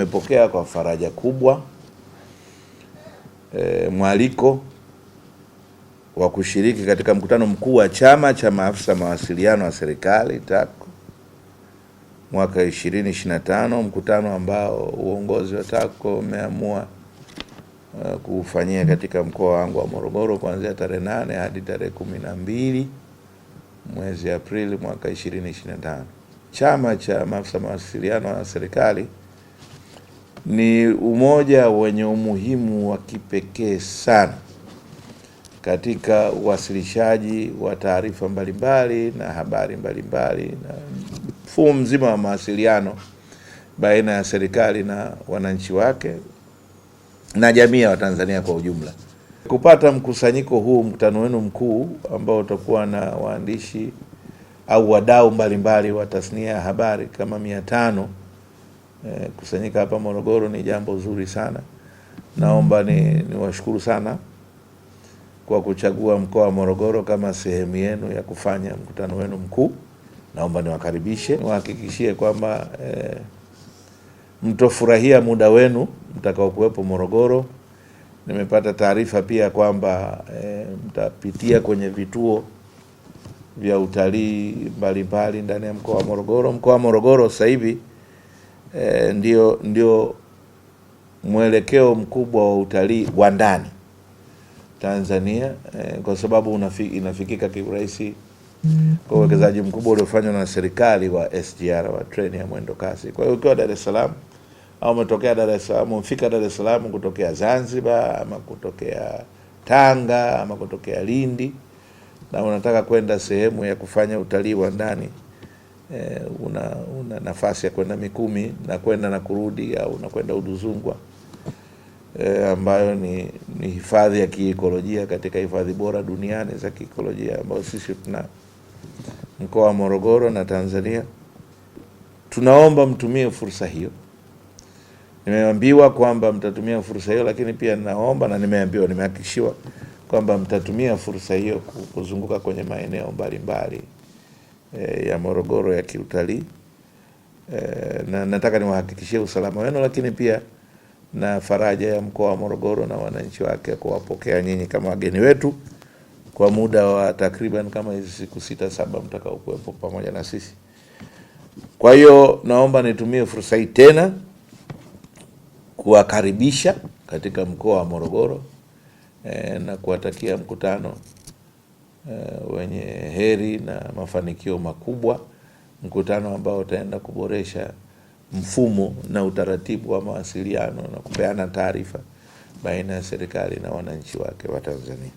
nimepokea kwa faraja kubwa e, mwaliko wa kushiriki katika mkutano mkuu wa Chama cha Maafisa Mawasiliano wa Serikali TACU mwaka 2025, mkutano ambao uongozi wa tako umeamua uh, kuufanyia katika mkoa wangu wa Morogoro kuanzia tarehe nane hadi tarehe kumi na mbili mwezi Aprili mwaka 2025. Chama cha Maafisa Mawasiliano wa Serikali ni umoja wenye umuhimu wa kipekee sana katika uwasilishaji wa taarifa mbalimbali na habari mbalimbali na mfumo mzima wa mawasiliano baina ya serikali na wananchi wake na jamii ya Watanzania kwa ujumla. Kupata mkusanyiko huu, mkutano wenu mkuu ambao utakuwa na waandishi au wadau mbalimbali wa tasnia ya habari kama mia tano Eh, kusanyika hapa Morogoro ni jambo zuri sana. Naomba niwashukuru sana kwa kuchagua mkoa wa Morogoro kama sehemu yenu ya kufanya mkutano wenu mkuu. Naomba niwakaribishe, niwahakikishie kwamba e, mtofurahia muda wenu mtakaokuwepo Morogoro. Nimepata taarifa pia kwamba e, mtapitia kwenye vituo vya utalii mbalimbali ndani ya mkoa wa Morogoro. Mkoa wa Morogoro sasa hivi e, ndio, ndio mwelekeo mkubwa wa utalii wa ndani Tanzania e, kwa sababu unafi, inafikika kiurahisi kwa uwekezaji mkubwa uliofanywa na serikali wa SGR wa treni ya mwendo kasi. Kwa hiyo ukiwa Dar es Salaam au umetokea Dar es Salaam, umfika Dar es Salaam kutokea Zanzibar ama kutokea Tanga ama kutokea Lindi na unataka kwenda sehemu ya kufanya utalii wa ndani eh, una, una nafasi ya kwenda Mikumi na kwenda na kurudi au unakwenda Uduzungwa eh, ambayo ni, ni hifadhi ya kiikolojia katika hifadhi bora duniani za kiikolojia ambayo sisi tuna mkoa wa Morogoro na Tanzania. Tunaomba mtumie fursa hiyo. Nimeambiwa kwamba mtatumia fursa hiyo, lakini pia naomba na nimeambiwa, nimehakikishiwa kwamba mtatumia fursa hiyo kuzunguka kwenye maeneo mbalimbali. E, ya Morogoro ya kiutalii e, na nataka niwahakikishie usalama wenu, lakini pia na faraja ya mkoa wa Morogoro na wananchi wake kuwapokea nyinyi kama wageni wetu kwa muda wa takriban kama hizi siku sita saba kuwepo pamoja na sisi. Kwa hiyo naomba nitumie fursa hii tena kuwakaribisha katika mkoa wa Morogoro eh, na kuwatakia mkutano uh, wenye heri na mafanikio makubwa, mkutano ambao utaenda kuboresha mfumo na utaratibu wa mawasiliano na kupeana taarifa baina ya serikali na wananchi wake wa Tanzania.